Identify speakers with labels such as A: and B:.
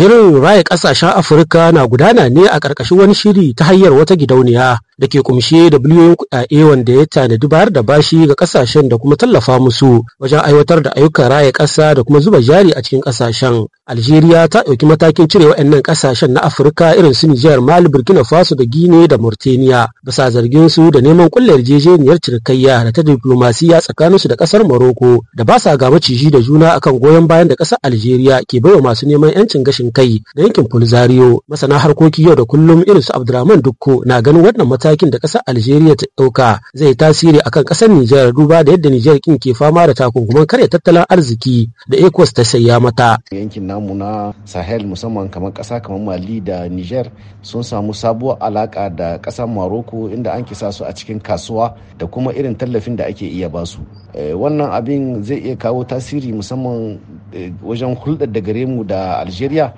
A: Shirin Raya Ƙasashen Afirka na gudana ne a ƙarƙashin wani shiri ta hanyar wata gidauniya. da ke kumshe da biliyoyin kuɗaɗe wanda ya tanadi bayar da bashi ga kasashen da kuma tallafa musu wajen aiwatar da ayyukan raya ƙasa da kuma zuba jari a cikin ƙasashen. Aljeriya ta ɗauki matakin cire waɗannan ƙasashen na Afirka irin su Nijar, Mali, Burkina Faso da Guinea da Mauritania bisa zargin su da neman kulle yarjejeniyar cinikayya da ta diplomasiya tsakaninsu da ƙasar Maroko, da ba sa gama ciji da juna akan goyon bayan da ƙasar Aljeriya ke baiwa masu neman 'yancin gashin kai da yankin Polisario. Masana harkoki yau da kullum irin su Abdurrahman Dukko na ganin wannan matakin matakin da ƙasar Algeria ta ɗauka zai tasiri akan ƙasar Nijar duba da yadda Nijar kin ke fama da takunkuman karya tattalin arziki da ECOWAS ta saya mata.
B: Yankin namu na Sahel musamman kamar ƙasa kamar Mali da Nijar sun samu sabuwar alaƙa da ƙasar Maroko inda an kisa su a cikin kasuwa da kuma irin tallafin da ake iya ba su, eh, Wannan
A: abin zai iya kawo tasiri musamman eh, wajen hulɗar da gare mu da Algeria